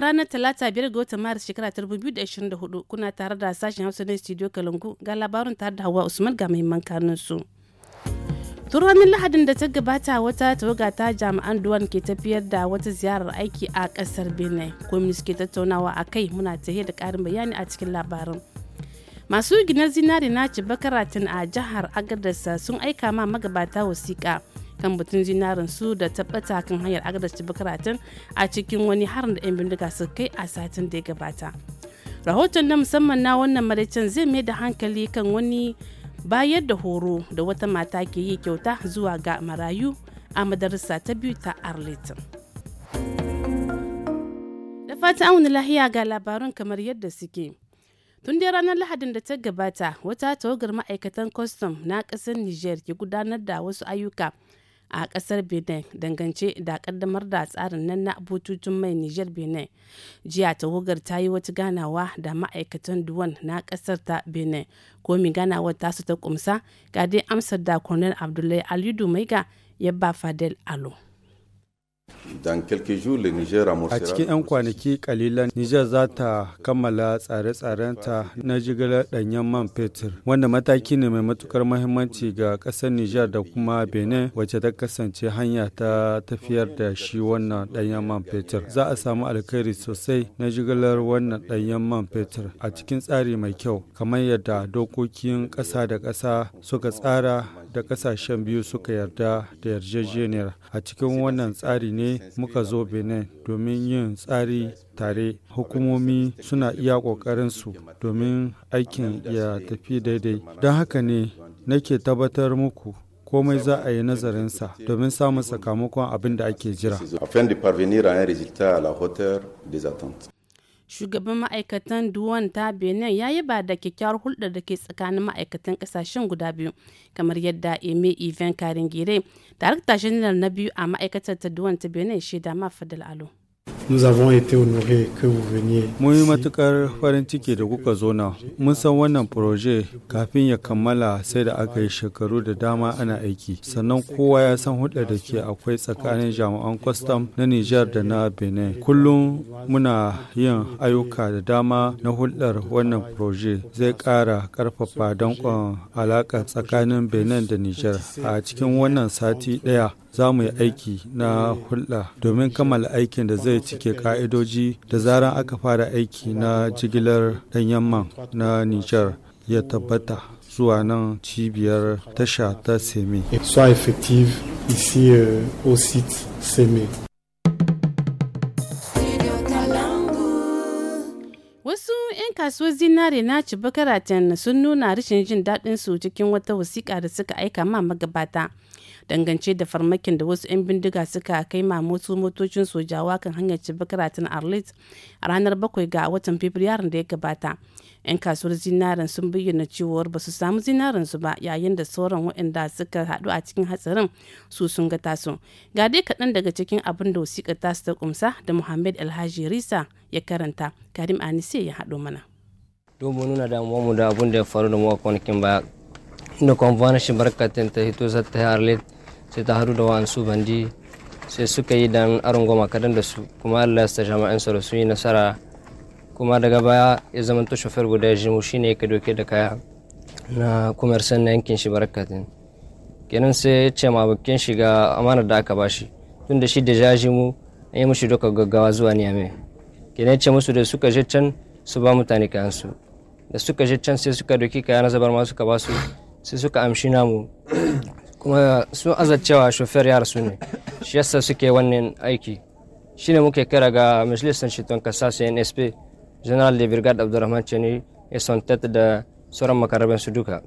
ranar talata biyar ga watan maris shekara ta da ashirin da hudu kuna tare da sashen hausa na studio kalangu ga labarin tare da hawa usman ga mahimman kanun su. tun lahadin da ta gabata wata tawaga ta jami'an duwan ke tafiyar da wata ziyarar aiki a kasar benin komin suke tattaunawa a kai muna tafiye da karin bayani a cikin labarin masu ginar zinari na cibakaratin bakaratin a jihar agadarsa sun aika ma magabata wasiƙa kan batun zinarin su da tabbata kan hanyar agadar cibi a cikin wani harin da 'yan bindiga su kai a satin da ya gabata rahoton na musamman na wannan maraicin zai mai da hankali kan wani bayar da horo da wata mata ke yi kyauta zuwa ga marayu a madarasa ta biyu ta arlington da fata wani lahiya ga labarun kamar yadda suke tun dai ranar lahadin da ta gabata wata tawagar ma'aikatan kwastam na ƙasar niger ke gudanar da wasu ayyuka a kasar benin dangance da kaddamar da tsarin nan na bututun mai niger benin jiya tawagar ta yi wata ganawa da ma'aikatan duwan na kasar ta benin komi ganawar tasu ta kumsa ga dai amsar da colonel abdullahi aliyu maiga ya ba fadel alo A cikin 'yan kwanaki kalilan Nijar za ta kammala tsare-tsarenta na jigilar ɗanyen man fetur, wanda mataki ne mai matukar mahimmanci ga ƙasar Nijar da kuma Benin wacce ta kasance hanya ta tafiyar da shi wannan ɗanyen man fetur. Za a samu alkhairi sosai na jigilar wannan ɗanyen man fetur a cikin tsari mai kyau, kamar yadda dokokin ƙasa da ƙasa suka tsara da kasashen biyu suka yarda da yarjejeniyar a cikin wannan tsari ne muka zo benin domin yin tsari tare hukumomi suna iya su domin aikin ya tafi daidai don haka ne nake tabbatar muku komai za a yi nazarinsa domin samun sakamakon abin da ake jira. shugaban ma'aikatan duwan ta benin ya yi ba da kyakkyawar hulɗar da ke tsakanin ma'aikatan ƙasashen guda biyu kamar yadda eme even karin gire darakta na biyu a ma'aikatar ta duwan ta benin shaida ma fadal alo Mun yi matukar farin ciki da kuka zo nan. Mun san wannan proje kafin ya kammala sai da aka yi shekaru da dama ana aiki. Sannan kowa ya san hulɗar da ke akwai tsakanin jami'an kwastam na Nijar da na Benin. Kullum muna yin ayyuka da dama na hulɗar wannan proje zai ƙara ƙarfafa danƙon alaƙa tsakanin Benin da Nijar a cikin wannan sati ɗaya. za mu yi aiki na hulɗa domin kammala aikin da zai cike ƙa'idoji da zaran aka fara aiki na jigilar ɗan yamma na Nijar ya tabbata zuwa nan cibiyar tasha ta Seme. effective euh, Seme. kasuwar zinare na cibakaratan sun nuna rashin jin daɗin su cikin wata wasiƙa da suka aika ma magabata dangance da farmakin da wasu 'yan bindiga suka kai ma motsu motocin sojawa kan hanyar cibakaratan arlit a ranar bakwai ga watan fabrairun da ya gabata 'yan kasuwar zinarin sun bayyana cewa ba su samu zinarin su ba yayin da sauran waɗanda suka haɗu a cikin hatsarin su sun ga tasu ga dai kaɗan daga cikin abin da wasiƙar tasu ta kumsa da muhammad alhaji risa ya karanta karim anise ya haɗo mana domin nuna damuwa mu da abin da ya faru da mu a kwanakin baya inda shi barkatin ta hito za ta harlet sai ta haɗu da wa'ansu bandi sai suka yi dan aron goma kadan da su kuma allah ya sa jama'an su sun yi nasara kuma daga baya ya zamanto shofar guda jimu shine ka doke da kaya na san na yankin shi barakatin kenan sai ya ce ma bakin shiga ga amanar da aka bashi tun da shi da jajimu an yi mushi doka gaggawa zuwa niyame kenan ya ce musu da suka je can su ba mutane kayan su da suka je can sai suka doki kaya na zabar ma suka ba su sai suka amshi namu kuma sun azacewa shofar yara su ne shi yasa suke wannan aiki shine muke kira ga majalisar shi kasa su nsp general de brigade abdurrahman chani ya son da sauran makarabin su duka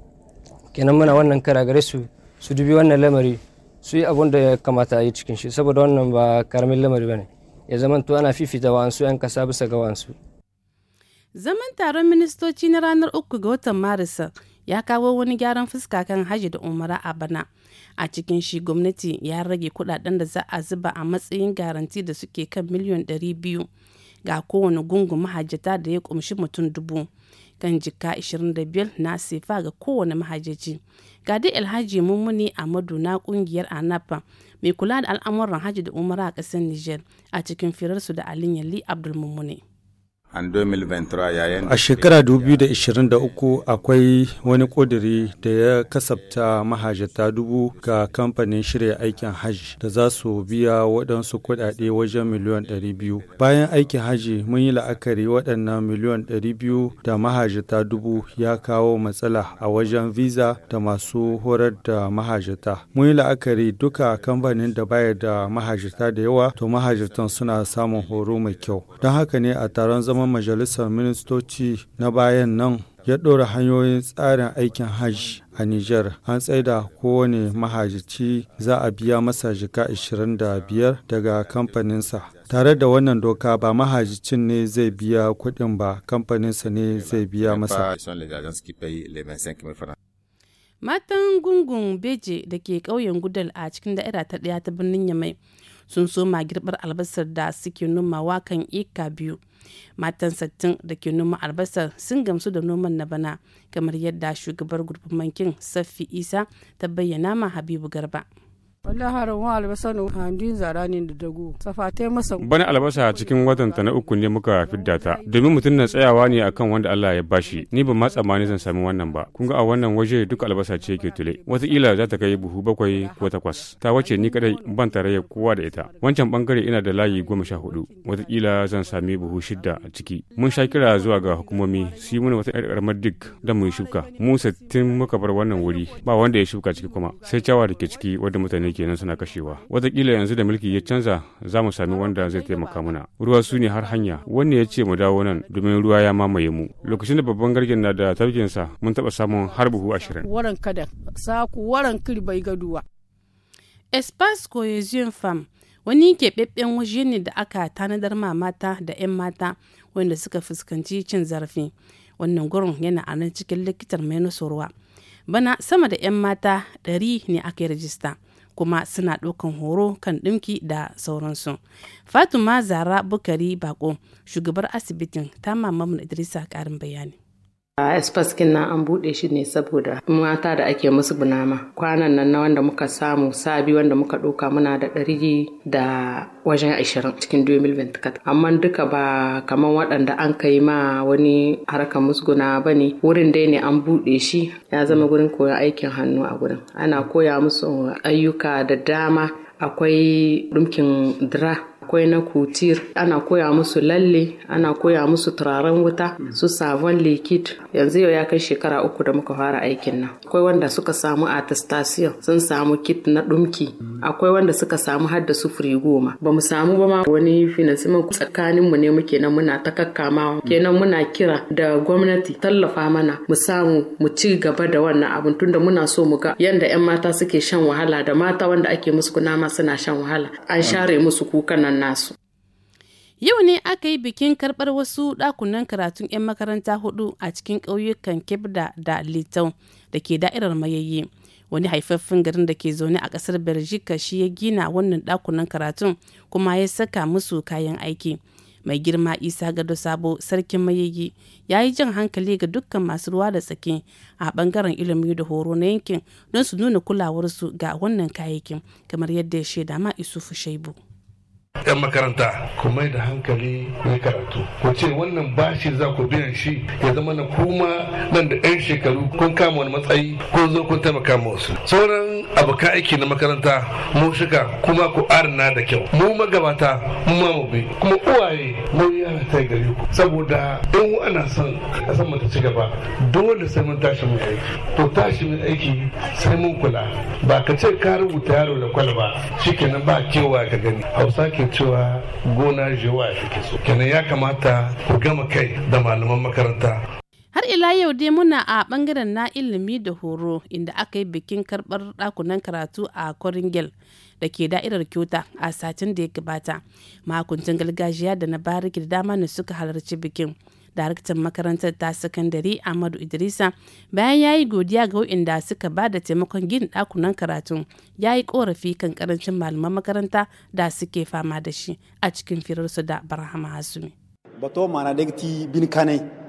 kenan muna wannan kara gare su su dubi wannan lamari su yi abun da ya kamata a yi cikin shi saboda wannan ba karamin lamari ba ne ya to ana fifita wa'ansu 'yan kasa bisa ga wa'ansu zaman taron ministoci na ranar uku ga watan marisa ya kawo wani gyaran fuska kan haji da umara a bana a cikin shi gwamnati ya rage kudaden da za a zuba a matsayin garanti da suke kan miliyan 200 ga kowane gungun mahajjata da ya kumshi mutum dubu kan jika 25 na sefa ga kowane mahajjaci ga dai alhaji mummuni amadu na kungiyar anapa mai kula da al'amuran hajji da umara a ƙasar niger a cikin firarsu da alin yalli abdul mummuni A shekara 2023 akwai wani ƙudiri da ya kasabta mahajata dubu ga kamfanin shirya aikin hajji da za su biya waɗansu kuɗaɗe wajen miliyan 200. Bayan aikin hajji mun yi la'akari waɗannan miliyan 200 da mahajata dubu ya kawo matsala a wajen visa da masu horar da mahajata. Mun yi la'akari duka kamfanin da bayar da mahajata da yawa to mahajatan suna samun horo mai kyau. Don haka ne a taron zama kuma majalisar ministoci na bayan nan ya ɗora hanyoyin tsarin aikin hajj a Nijar. An tsaida kowane mahajici za a biya masa jika 25 daga kamfaninsa. Tare da wannan doka ba mahajicin ne zai biya kuɗin ba, kamfaninsa ne zai biya masa. Matan gungun Beje da ke ƙauyen Gudal a cikin da'ira ta ɗaya ta birnin Yamai sun soma girbar albasar da suke nomawa kan eka biyu matan sattin da ke noma albasar sun gamsu da noman na bana kamar yadda shugabar gurfamankin safi isa ta bayyana ma habibu garba wallahi harin wa albasa handin zara ne da dago safatai masa bana albasa cikin watan ta na uku ne muka fidda ta domin mutum na tsayawa ne akan wanda Allah ya bashi ni ban ma tsammani zan sami wannan ba kun ga a wannan waje duk albasa ce ke tule wataƙila za ta kai buhu bakwai ko takwas ta wace ni kadai ban tarayya kowa da ita wancan bangare ina da layi goma sha hudu wataƙila zan sami buhu shidda a ciki mun sha kira zuwa ga hukumomi su yi wata yar ƙaramar dik da mu shuka mu sattin muka bar wannan wuri ba wanda ya shuka ciki kuma sai cawa da ke ciki wanda mutane mutane kenan suna kashewa watakila yanzu da mulki ya canza za mu sami wanda zai taimaka mana ruwa su ne har hanya wani ya ce mu dawo nan domin ruwa ya mamaye mu lokacin da babban gargin na da tafkinsa mun taɓa samun har buhu ashirin waran kada saku waran kirbai gaduwa espace cohesion farm wani keɓaɓɓen waje ne da aka tanadar ma mata da 'yan mata wanda suka fuskanci cin zarafi wannan gurin yana a nan cikin likitar mai nasarwa bana sama da 'yan mata 100 ne aka yi rajista kuma suna ɗaukan horo kan ɗinki da sauransu fatima zara bukari bako shugabar asibitin ta mamamin idrisa ƙarin bayani a espas na an buɗe shi ne saboda mata da ake musu bunama kwanan nan na wanda muka samu sabi wanda muka doka muna da ɗari da wajen ashirin cikin 2024 amma duka ba kamar waɗanda an kai ma wani harkar musguna ba ne wurin dai ne an buɗe shi ya zama gurin koyon aikin hannu a gurin ana koya musu ayyuka da dama akwai ɗumkin dra akwai na kutir ana koya musu lalle ana koya musu turaren wuta su savon likid yanzu yau ya kai shekara uku da muka fara aikin nan akwai wanda suka samu attestation sun samu kit na dumki akwai wanda suka samu har da sufuri goma ba mu samu ba ma wani finansimin tsakanin mu ne muke nan muna ta kakkamawa kenan muna kira da gwamnati tallafa mana mu samu mu ci gaba da wannan abin tunda muna so mu ga yanda yan mata suke shan wahala da mata wanda ake musu kuna ma suna shan wahala an share musu kukan nan nasu Yau ne aka yi bikin karɓar wasu ɗakunan karatun 'yan makaranta hudu a cikin ƙauyukan Kebda da Litau da ke da'irar mayayye. wani haifaffen garin da ke zaune a kasar Belgica shi ya gina wannan dakunan karatun kuma ya saka musu kayan aiki. Mai girma Isa Gado Sabo sarkin mayayi ya yi jan hankali ga dukkan masu ruwa da tsaki a bangaren ilimi da horo na yankin don su nuna kulawarsu ga wannan kayayyakin kamar yadda ya shaida ma Isufu Shaibu. 'yan makaranta ku mai da hankali mai karatu ku ce wannan bashi za ku biyan shi ya zama na kuma nan da 'yan shekaru kun kama wani matsayi ko zo kun taimaka wasu sauran Abu ka aiki na makaranta mu shiga kuma ku arna da kyau mu magabata mu ma mu bi kuma uwaye mu yi ta gari ku saboda in ana son kasan mu ta ci gaba dole sai mun tashi mun aiki to tashi mun aiki sai mun kula ba ka ce ka rubuta yaro da kwalba shikenan ba kewa ka gani hausa ke cewa gona jewa ya fi so kenan ya kamata ku gama kai da malaman makaranta ila yau dai muna a bangaren na ilimi da horo inda aka yi bikin karbar dakunan karatu a Koringel da ke da'irar Kyota a satin da ya gabata. Makuncin gargajiya da na bariki da dama ne suka halarci bikin. Daraktan makarantar ta sakandare amadu Idrisa bayan ya yi godiya ga waɗanda suka ba da taimakon gin ɗakunan karatun ya yi ƙorafi kan karancin malaman makaranta da suke fama da shi a cikin firarsu da Barhama Hasumi. Bato mana bin kanai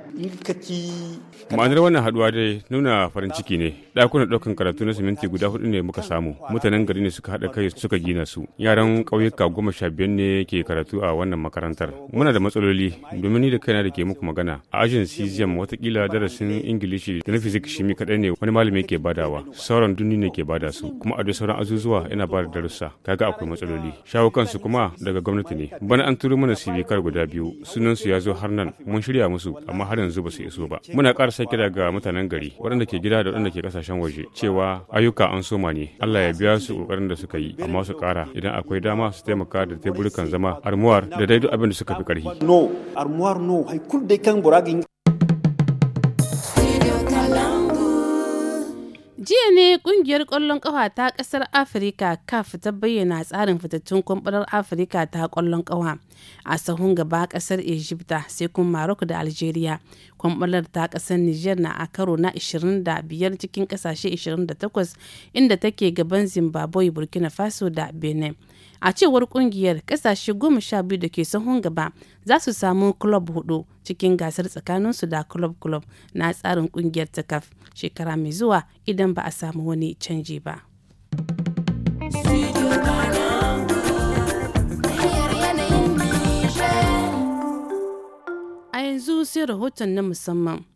ma'anar wannan haduwa dai nuna farin ciki ne ɗakunan ɗaukan karatu na siminti guda hudu ne muka samu mutanen gari ne suka haɗa kai suka gina su yaran ƙauyuka goma sha biyar ne ke karatu a wannan makarantar muna da matsaloli domin ni da kaina da ke muku magana a ajin cesium watakila darasin ingilishi da na fizik shimi kaɗai ne wani malami ke badawa sauran duni ne ke bada su kuma a duk sauran azuzuwa yana ba da darussa kaga akwai matsaloli shawo kansu kuma daga gwamnati ne bana an turo mana kar guda biyu sunansu ya zo har nan mun shirya musu amma har yanzu ba su iso ba muna karasa kira ga mutanen gari waɗanda ke gida da waɗanda ke kasashen waje cewa ayyuka an soma ne allah ya biya su ƙoƙarin da suka yi amma su ƙara idan akwai dama su taimaka da teburukan zama armuwar da daidu abin da suka fi ƙarfi jiya ne kungiyar kwallon kafa ta kasar afirka caf ta bayyana tsarin fitattun kwamfanar afirka ta kwallon kafa a sahun gaba kasar egypta sai kuma Maroko da algeria kwamfanar ta kasar niger na a karo na 25 cikin kasashe 28 inda take gaban zimbabwe burkina faso da benin a cewar kungiyar kasashe goma sha biyu da ke sahun gaba za su samu kulob hudu cikin gasar tsakanin su da kulob-kulob na tsarin kungiyar ta kaf shekara mai zuwa idan ba a samu wani canji ba a yanzu sai rahoton na musamman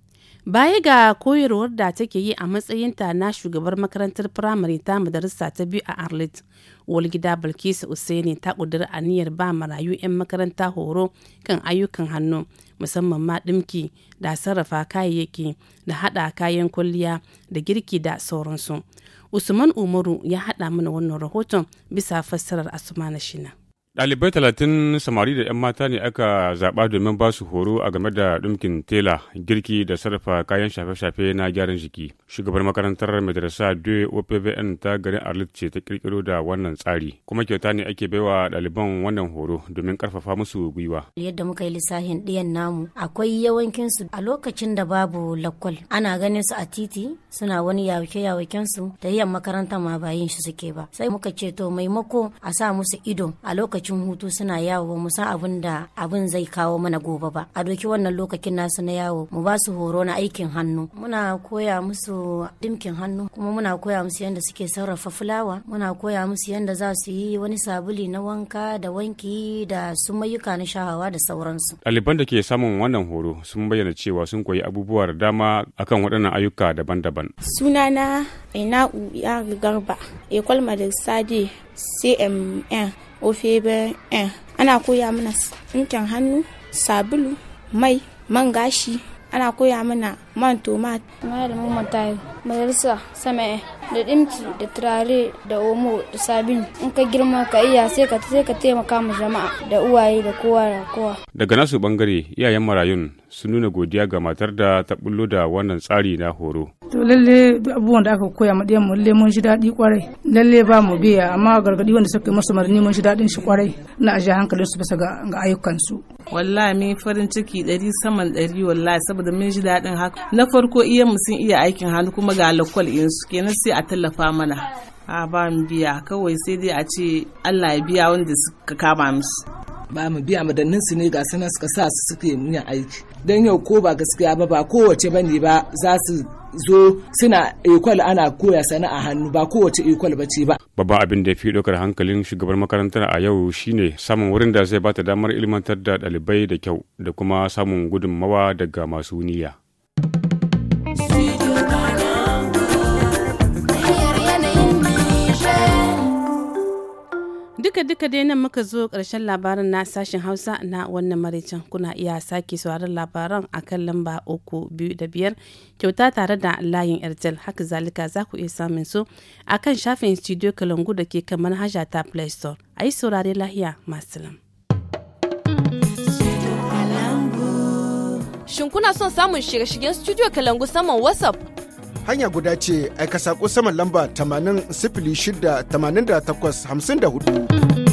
Baya ga koyarwar da take yi a matsayinta na shugabar makarantar firamare ta madarasa ta biyu a Arlit, Walgida Bilkisu Usaini ta a niyyar ba marayu 'yan makaranta horo kan ayyukan hannu, musamman ma ɗimki da sarrafa kayayyaki da haɗa kayan kwalliya da girki da sauransu. Usman Umaru ya haɗa mana wannan rahoton bisa fassarar Asumana Shina. dalibai talatin samari da 'yan mata ne aka zaɓa domin ba su horo a game da ɗumkin tela, girki da sarrafa kayan shafe-shafe na gyaran jiki. Shugabar makarantar madarasa Due OPVN ta garin Arlit ce ta ƙirƙiro da wannan tsari, kuma kyauta ne ake baiwa ɗaliban wannan horo domin ƙarfafa musu gwiwa. Yadda muka yi lissafin ɗiyan namu, akwai yawancin su a lokacin da babu lakwal. Ana ganin su a titi suna wani yawake yawuken su da yan makaranta ma ba yin shi suke ba. Sai muka ce to maimako a sa musu ido a lokacin lokacin hutu suna yawo mu san abin da abin zai kawo mana gobe ba a doki wannan lokacin nasu na yawo mu ba su horo na aikin hannu muna koya musu dimkin hannu kuma muna koya musu yadda suke sarrafa fulawa muna koya musu yadda za su yi wani sabuli na wanka da wanki da su mayuka na shahawa da sauransu ɗaliban da ke samun wannan horo sun bayyana cewa sun koyi abubuwa da dama akan waɗannan ayyuka daban-daban sunana ina ya garba Ecole Madrasa CMN ofebe eh ana koya mana ɗinkin hannu sabulu mai man gashi ana koya mana man tomat malamin matayi, majalisa sama da dimci, da turare da omo da sabin in ka girma ka iya sai ka sai ka taimaka ma jama'a da uwaye da kowa da kowa daga nasu bangare iyayen marayun sun nuna godiya ga matar da ta bullo da wannan tsari na horo to lalle abubuwan da aka koya maɗiyan mu lalle mun ji daɗi kwarai lalle ba mu biya amma gargaɗi wanda suka yi masu marni mun ji daɗin shi kwarai na ajiye hankalin su bisa ga ayyukan su wallahi min farin ciki ɗari saman ɗari wallahi saboda mun ji daɗin haka na farko iya iya aikin hannu kuma ga lokal in su kenan sai a tallafa mana a ba mu biya kawai sai dai a ce Allah ya biya wanda suka kama musu ba mu biya madannin su ne ga sana suka sa su suke yin aiki dan yau ko ba gaskiya ba ba kowace bane ba za su zo suna ikwal ana koya sana'a hannu ba kowace ikwal ba ce ba. Babban abin da ya fi ɗaukar hankalin shugaban makarantar a yau shine samun wurin da zai bata damar ilmantar da ɗalibai da kyau da kuma samun gudunmawa daga masu niyya. duka-duka dai nan muka zo karshen labarin na sashen hausa na wannan maraicin kuna iya sake sauraron labaran a kan lamba uku biyu da biyar kyauta tare da layin airtel haka zalika za ku iya samun su a kan shafin studio kalangu da ke kan manhaja ta play store a yi saurare lahiya masu lam. Shin kuna son samun shirye-shiryen studio kalangu saman WhatsApp? hanya guda ce aika saƙo saman lamba 80 68 54.